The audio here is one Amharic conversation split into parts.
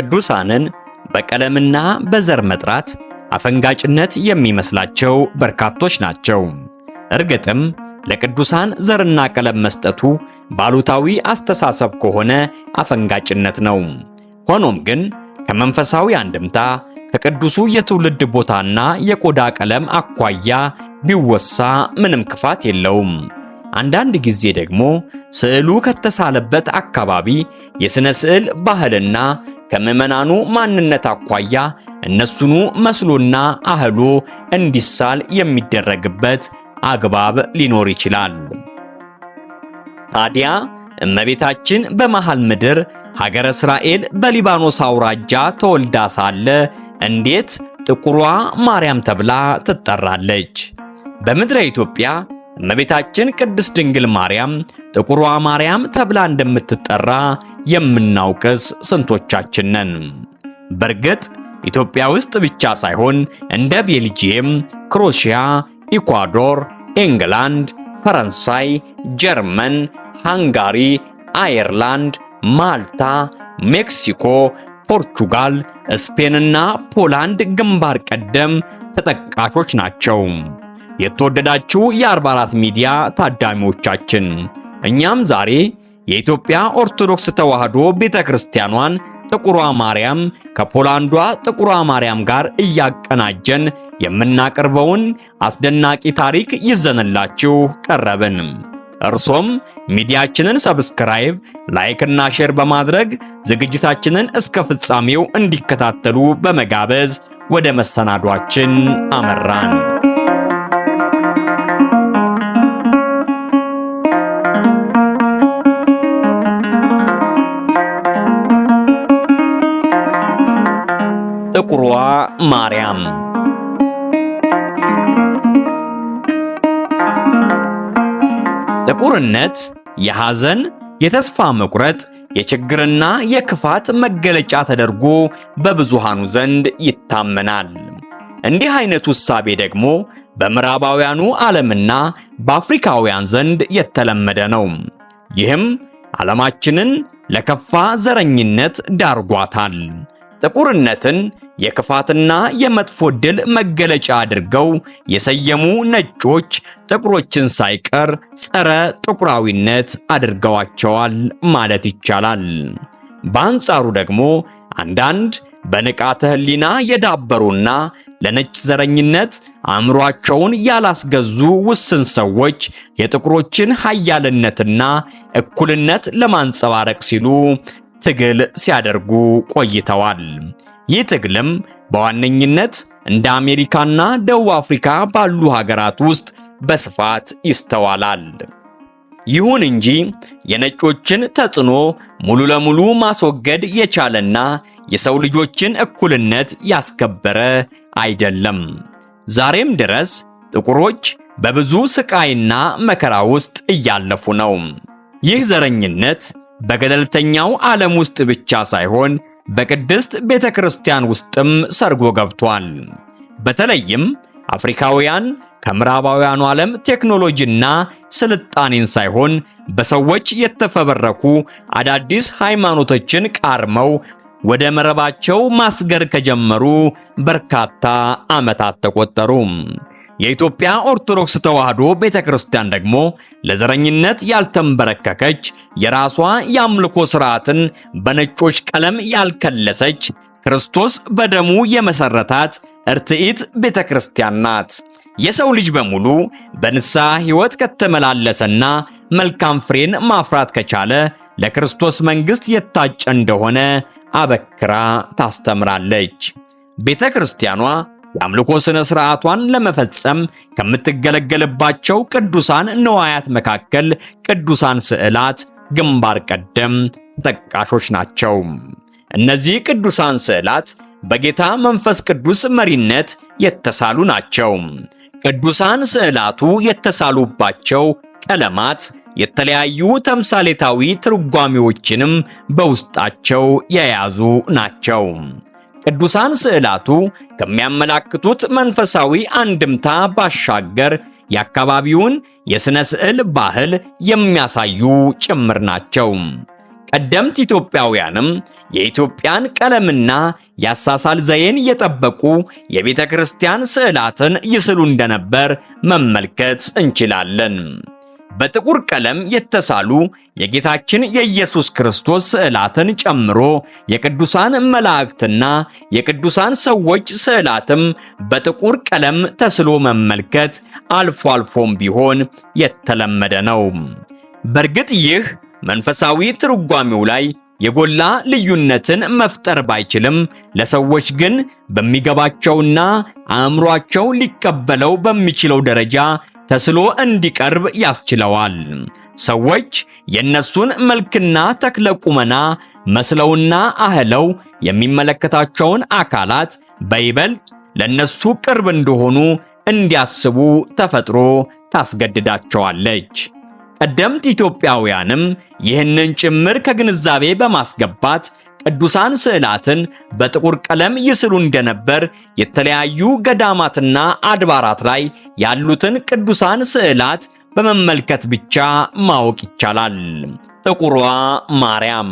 ቅዱሳንን በቀለምና በዘር መጥራት አፈንጋጭነት የሚመስላቸው በርካቶች ናቸው። እርግጥም ለቅዱሳን ዘርና ቀለም መስጠቱ ባሉታዊ አስተሳሰብ ከሆነ አፈንጋጭነት ነው። ሆኖም ግን ከመንፈሳዊ አንድምታ ከቅዱሱ የትውልድ ቦታና የቆዳ ቀለም አኳያ ቢወሳ ምንም ክፋት የለውም። አንዳንድ ጊዜ ደግሞ ስዕሉ ከተሳለበት አካባቢ የሥነ ስዕል ባህልና ከምዕመናኑ ማንነት አኳያ እነሱኑ መስሎና አህሎ እንዲሳል የሚደረግበት አግባብ ሊኖር ይችላል። ታዲያ እመቤታችን በመሃል ምድር ሀገረ እስራኤል በሊባኖስ አውራጃ ተወልዳ ሳለ እንዴት ጥቁሯ ማርያም ተብላ ትጠራለች? በምድረ ኢትዮጵያ እመቤታችን ቅድስት ድንግል ማርያም ጥቁሯ ማርያም ተብላ እንደምትጠራ የምናውቅስ ስንቶቻችን ነን? በእርግጥ ኢትዮጵያ ውስጥ ብቻ ሳይሆን እንደ ቤልጂየም፣ ክሮሺያ፣ ኢኳዶር፣ ኢንግላንድ፣ ፈረንሳይ፣ ጀርመን፣ ሃንጋሪ፣ አየርላንድ፣ ማልታ፣ ሜክሲኮ፣ ፖርቹጋል፣ ስፔንና ፖላንድ ግንባር ቀደም ተጠቃሾች ናቸው። የተወደዳችሁ የ44 ሚዲያ ታዳሚዎቻችን እኛም ዛሬ የኢትዮጵያ ኦርቶዶክስ ተዋህዶ ቤተ ክርስቲያኗን ጥቁሯ ማርያም ከፖላንዷ ጥቁሯ ማርያም ጋር እያቀናጀን የምናቀርበውን አስደናቂ ታሪክ ይዘንላችሁ ቀረብን። እርሶም ሚዲያችንን ሰብስክራይብ፣ ላይክና ሼር በማድረግ ዝግጅታችንን እስከ ፍጻሜው እንዲከታተሉ በመጋበዝ ወደ መሰናዷችን አመራን። ጥቁሯ ማርያም ጥቁርነት የሐዘን፣ የተስፋ መቁረጥ፣ የችግርና የክፋት መገለጫ ተደርጎ በብዙሃኑ ዘንድ ይታመናል። እንዲህ አይነት ውሳቤ ደግሞ በምዕራባውያኑ ዓለምና በአፍሪካውያን ዘንድ የተለመደ ነው። ይህም ዓለማችንን ለከፋ ዘረኝነት ዳርጓታል። ጥቁርነትን የክፋትና የመጥፎ ድል መገለጫ አድርገው የሰየሙ ነጮች ጥቁሮችን ሳይቀር ጸረ ጥቁራዊነት አድርገዋቸዋል ማለት ይቻላል። በአንጻሩ ደግሞ አንዳንድ በንቃተ ህሊና የዳበሩና ለነጭ ዘረኝነት አእምሯቸውን ያላስገዙ ውስን ሰዎች የጥቁሮችን ሀያልነትና እኩልነት ለማንጸባረቅ ሲሉ ትግል ሲያደርጉ ቆይተዋል። ይህ ትግልም በዋነኝነት እንደ አሜሪካና ደቡብ አፍሪካ ባሉ ሀገራት ውስጥ በስፋት ይስተዋላል። ይሁን እንጂ የነጮችን ተጽዕኖ ሙሉ ለሙሉ ማስወገድ የቻለና የሰው ልጆችን እኩልነት ያስከበረ አይደለም። ዛሬም ድረስ ጥቁሮች በብዙ ስቃይና መከራ ውስጥ እያለፉ ነው። ይህ ዘረኝነት በገለልተኛው ዓለም ውስጥ ብቻ ሳይሆን በቅድስት ቤተ ክርስቲያን ውስጥም ሰርጎ ገብቷል። በተለይም አፍሪካውያን ከምዕራባውያኑ ዓለም ቴክኖሎጂና ስልጣኔን ሳይሆን በሰዎች የተፈበረኩ አዳዲስ ሃይማኖቶችን ቃርመው ወደ መረባቸው ማስገር ከጀመሩ በርካታ ዓመታት ተቆጠሩ። የኢትዮጵያ ኦርቶዶክስ ተዋሕዶ ቤተክርስቲያን ደግሞ ለዘረኝነት ያልተንበረከከች የራሷ የአምልኮ ስርዓትን በነጮች ቀለም ያልከለሰች ክርስቶስ በደሙ የመሰረታት እርትዕት ቤተክርስቲያን ናት። የሰው ልጅ በሙሉ በንስሐ ሕይወት ከተመላለሰና መልካም ፍሬን ማፍራት ከቻለ ለክርስቶስ መንግሥት የታጨ እንደሆነ አበክራ ታስተምራለች። ቤተ ክርስቲያኗ የአምልኮ ሥነ ሥርዓቷን ለመፈጸም ከምትገለገልባቸው ቅዱሳን ንዋያት መካከል ቅዱሳን ስዕላት ግንባር ቀደም ተጠቃሾች ናቸው። እነዚህ ቅዱሳን ስዕላት በጌታ መንፈስ ቅዱስ መሪነት የተሳሉ ናቸው። ቅዱሳን ስዕላቱ የተሳሉባቸው ቀለማት የተለያዩ ተምሳሌታዊ ትርጓሜዎችንም በውስጣቸው የያዙ ናቸው። ቅዱሳን ስዕላቱ ከሚያመላክቱት መንፈሳዊ አንድምታ ባሻገር የአካባቢውን የሥነ ስዕል ባህል የሚያሳዩ ጭምር ናቸው። ቀደምት ኢትዮጵያውያንም የኢትዮጵያን ቀለምና የአሳሳል ዘዬን የጠበቁ የቤተ ክርስቲያን ስዕላትን ይስሉ እንደነበር መመልከት እንችላለን። በጥቁር ቀለም የተሳሉ የጌታችን የኢየሱስ ክርስቶስ ስዕላትን ጨምሮ የቅዱሳን መላእክትና የቅዱሳን ሰዎች ስዕላትም በጥቁር ቀለም ተስሎ መመልከት አልፎ አልፎም ቢሆን የተለመደ ነው። በእርግጥ ይህ መንፈሳዊ ትርጓሜው ላይ የጎላ ልዩነትን መፍጠር ባይችልም ለሰዎች ግን በሚገባቸውና አእምሯቸው ሊቀበለው በሚችለው ደረጃ ተስሎ እንዲቀርብ ያስችለዋል። ሰዎች የእነሱን መልክና ተክለ ቁመና መስለውና አህለው የሚመለከታቸውን አካላት በይበልጥ ለእነሱ ቅርብ እንደሆኑ እንዲያስቡ ተፈጥሮ ታስገድዳቸዋለች። ቀደምት ኢትዮጵያውያንም ይህንን ጭምር ከግንዛቤ በማስገባት ቅዱሳን ስዕላትን በጥቁር ቀለም ይስሉ እንደነበር የተለያዩ ገዳማትና አድባራት ላይ ያሉትን ቅዱሳን ስዕላት በመመልከት ብቻ ማወቅ ይቻላል። ጥቁሯ ማርያም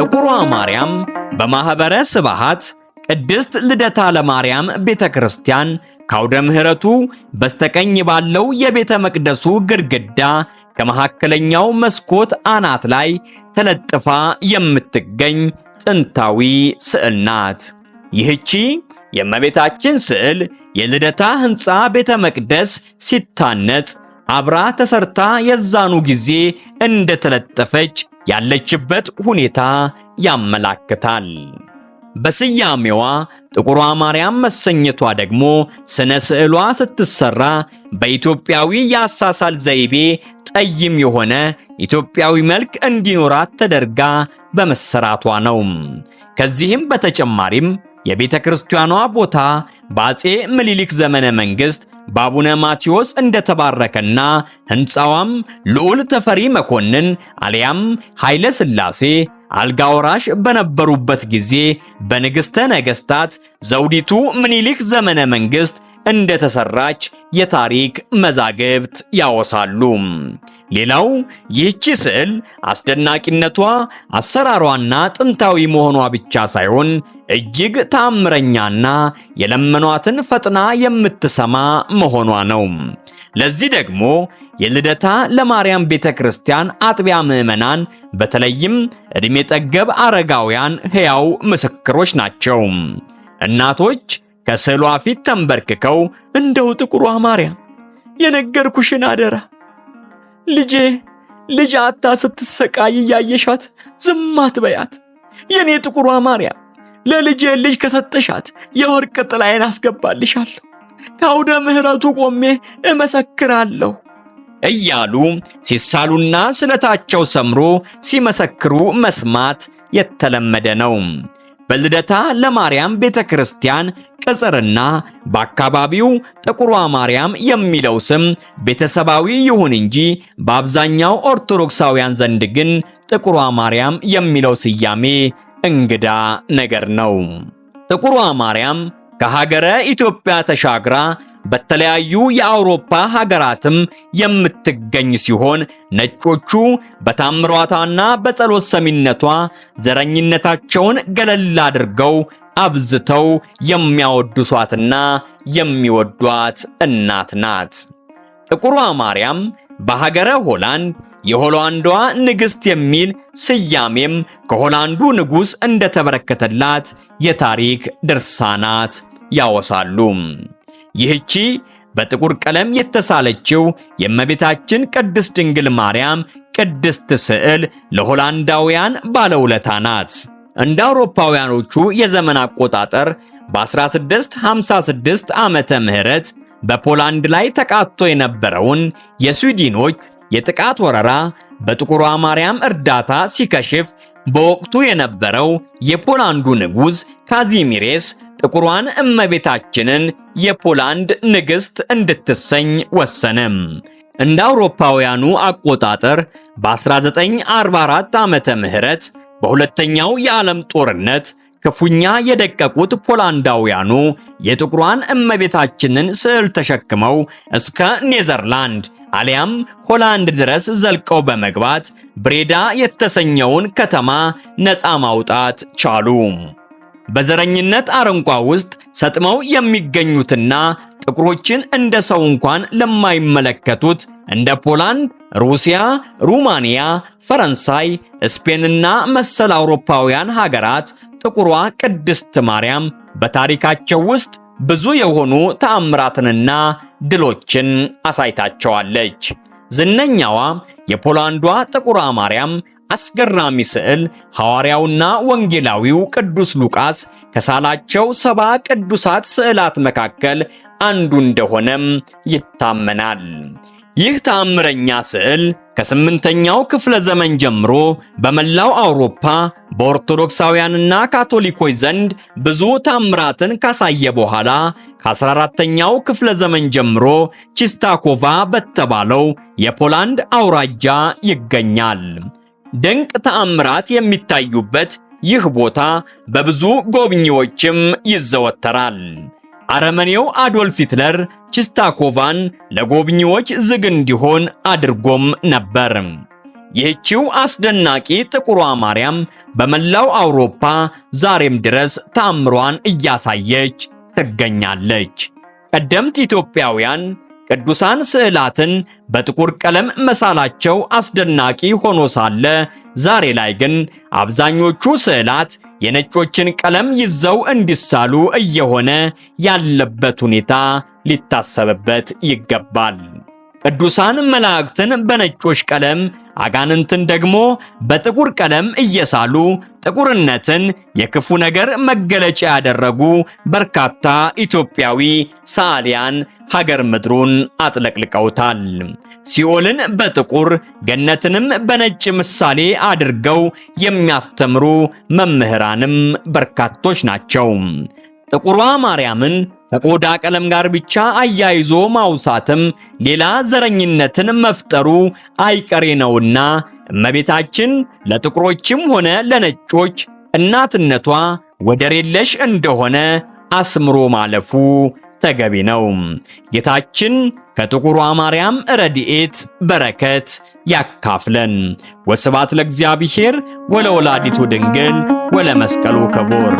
ጥቁሯ ማርያም በማኅበረ ስባሃት ቅድስት ልደታ ለማርያም ቤተ ክርስቲያን ከአውደ ምሕረቱ በስተቀኝ ባለው የቤተ መቅደሱ ግድግዳ ከመካከለኛው መስኮት አናት ላይ ተለጥፋ የምትገኝ ጥንታዊ ስዕል ናት። ይህቺ የእመቤታችን ስዕል የልደታ ሕንፃ ቤተ መቅደስ ሲታነጽ አብራ ተሰርታ የዛኑ ጊዜ እንደተለጠፈች ያለችበት ሁኔታ ያመላክታል። በስያሜዋ ጥቁሯ ማርያም መሰኘቷ ደግሞ ስነ ስዕሏ ስትሰራ በኢትዮጵያዊ የአሳሳል ዘይቤ ጠይም የሆነ ኢትዮጵያዊ መልክ እንዲኖራት ተደርጋ በመሰራቷ ነው። ከዚህም በተጨማሪም የቤተ ክርስቲያኗ ቦታ በአፄ ምኒልክ ዘመነ መንግሥት በአቡነ ማቴዎስ እንደተባረከና ሕንፃዋም ልዑል ተፈሪ መኮንን አሊያም ኃይለ ሥላሴ አልጋ በነበሩበት ጊዜ በንግሥተ ነገሥታት ዘውዲቱ ምኒልክ ዘመነ መንግሥት እንደተሰራች የታሪክ መዛግብት ያወሳሉ። ሌላው ይህቺ ስዕል አስደናቂነቷ አሰራሯና ጥንታዊ መሆኗ ብቻ ሳይሆን እጅግ ታምረኛና የለመኗትን ፈጥና የምትሰማ መሆኗ ነው። ለዚህ ደግሞ የልደታ ለማርያም ቤተ ክርስቲያን አጥቢያ ምዕመናን በተለይም ዕድሜ ጠገብ አረጋውያን ሕያው ምስክሮች ናቸው። እናቶች ከስዕሏ ፊት ተንበርክከው እንደው ጥቁሯ ማርያም የነገርኩሽን አደራ ልጄ ልጅ አታ ስትሰቃይ እያየሻት ዝም አትበያት። የኔ ጥቁሯ ማርያም ለልጄ ልጅ ከሰጠሻት የወርቅ ጥላዬን አስገባልሻለሁ፣ ከአውደ ምሕረቱ ቆሜ እመሰክራለሁ እያሉ ሲሳሉና ስለታቸው ሰምሮ ሲመሰክሩ መስማት የተለመደ ነው። በልደታ ለማርያም ቤተ ክርስቲያን ቅጽርና በአካባቢው ጥቁሯ ማርያም የሚለው ስም ቤተሰባዊ ይሁን እንጂ በአብዛኛው ኦርቶዶክሳውያን ዘንድ ግን ጥቁሯ ማርያም የሚለው ስያሜ እንግዳ ነገር ነው። ጥቁሯ ማርያም ከሀገረ ኢትዮጵያ ተሻግራ በተለያዩ የአውሮፓ ሀገራትም የምትገኝ ሲሆን ነጮቹ በታምሯታና በጸሎት ሰሚነቷ ዘረኝነታቸውን ገለል አድርገው አብዝተው የሚያወድሷትና የሚወዷት እናት ናት። ጥቁሯ ማርያም በሀገረ ሆላንድ የሆላንዷ ንግሥት የሚል ስያሜም ከሆላንዱ ንጉሥ እንደተበረከተላት የታሪክ ድርሳናት ያወሳሉ። ይህቺ በጥቁር ቀለም የተሳለችው የእመቤታችን ቅድስት ድንግል ማርያም ቅድስት ስዕል ለሆላንዳውያን ባለውለታ ናት። እንደ አውሮፓውያኖቹ የዘመን አቆጣጠር በ1656 ዓመተ ምህረት በፖላንድ ላይ ተቃጥቶ የነበረውን የስዊድኖች የጥቃት ወረራ በጥቁሯ ማርያም እርዳታ ሲከሽፍ በወቅቱ የነበረው የፖላንዱ ንጉሥ ካዚሚሬስ ጥቁሯን እመቤታችንን የፖላንድ ንግሥት እንድትሰኝ ወሰነ። እንደ አውሮፓውያኑ አቆጣጠር በ1944 ዓመተ ምህረት በሁለተኛው የዓለም ጦርነት ክፉኛ የደቀቁት ፖላንዳውያኑ የጥቁሯን እመቤታችንን ስዕል ተሸክመው እስከ ኔዘርላንድ አሊያም ሆላንድ ድረስ ዘልቀው በመግባት ብሬዳ የተሰኘውን ከተማ ነፃ ማውጣት ቻሉ። በዘረኝነት አረንቋ ውስጥ ሰጥመው የሚገኙትና ጥቁሮችን እንደ ሰው እንኳን ለማይመለከቱት እንደ ፖላንድ፣ ሩሲያ፣ ሩማንያ፣ ፈረንሳይ፣ ስፔንና መሰል አውሮፓውያን ሀገራት ጥቁሯ ቅድስት ማርያም በታሪካቸው ውስጥ ብዙ የሆኑ ተአምራትንና ድሎችን አሳይታቸዋለች። ዝነኛዋ የፖላንዷ ጥቁሯ ማርያም አስገራሚ ስዕል ሐዋርያውና ወንጌላዊው ቅዱስ ሉቃስ ከሳላቸው ሰባ ቅዱሳት ስዕላት መካከል አንዱ እንደሆነም ይታመናል። ይህ ተአምረኛ ስዕል ከስምንተኛው ክፍለ ዘመን ጀምሮ በመላው አውሮፓ በኦርቶዶክሳውያንና ካቶሊኮች ዘንድ ብዙ ታምራትን ካሳየ በኋላ ከ14ተኛው ክፍለ ዘመን ጀምሮ ቺስታኮቫ በተባለው የፖላንድ አውራጃ ይገኛል። ድንቅ ተአምራት የሚታዩበት ይህ ቦታ በብዙ ጎብኚዎችም ይዘወተራል። አረመኔው አዶልፍ ሂትለር ቺስታኮቫን ለጎብኚዎች ዝግ እንዲሆን አድርጎም ነበር። ይህችው አስደናቂ ጥቁሯ ማርያም በመላው አውሮፓ ዛሬም ድረስ ተአምሯን እያሳየች ትገኛለች። ቀደምት ኢትዮጵያውያን ቅዱሳን ስዕላትን በጥቁር ቀለም መሳላቸው አስደናቂ ሆኖ ሳለ ዛሬ ላይ ግን አብዛኞቹ ስዕላት የነጮችን ቀለም ይዘው እንዲሳሉ እየሆነ ያለበት ሁኔታ ሊታሰብበት ይገባል። ቅዱሳን መላእክትን በነጮች ቀለም አጋንንትን ደግሞ በጥቁር ቀለም እየሳሉ ጥቁርነትን የክፉ ነገር መገለጫ ያደረጉ በርካታ ኢትዮጵያዊ ሰዓሊያን ሀገር ምድሩን አጥለቅልቀውታል። ሲኦልን በጥቁር ገነትንም በነጭ ምሳሌ አድርገው የሚያስተምሩ መምህራንም በርካቶች ናቸው። ጥቁሯ ማርያምን ከቆዳ ቀለም ጋር ብቻ አያይዞ ማውሳትም ሌላ ዘረኝነትን መፍጠሩ አይቀሬ ነውና እመቤታችን ለጥቁሮችም ሆነ ለነጮች እናትነቷ ወደር የለሽ እንደሆነ አስምሮ ማለፉ ተገቢ ነው። ጌታችን ከጥቁሯ ማርያም ረድኤት በረከት ያካፍለን። ወስባት ለእግዚአብሔር ወለወላዲቱ ድንግል ወለመስቀሉ ክቡር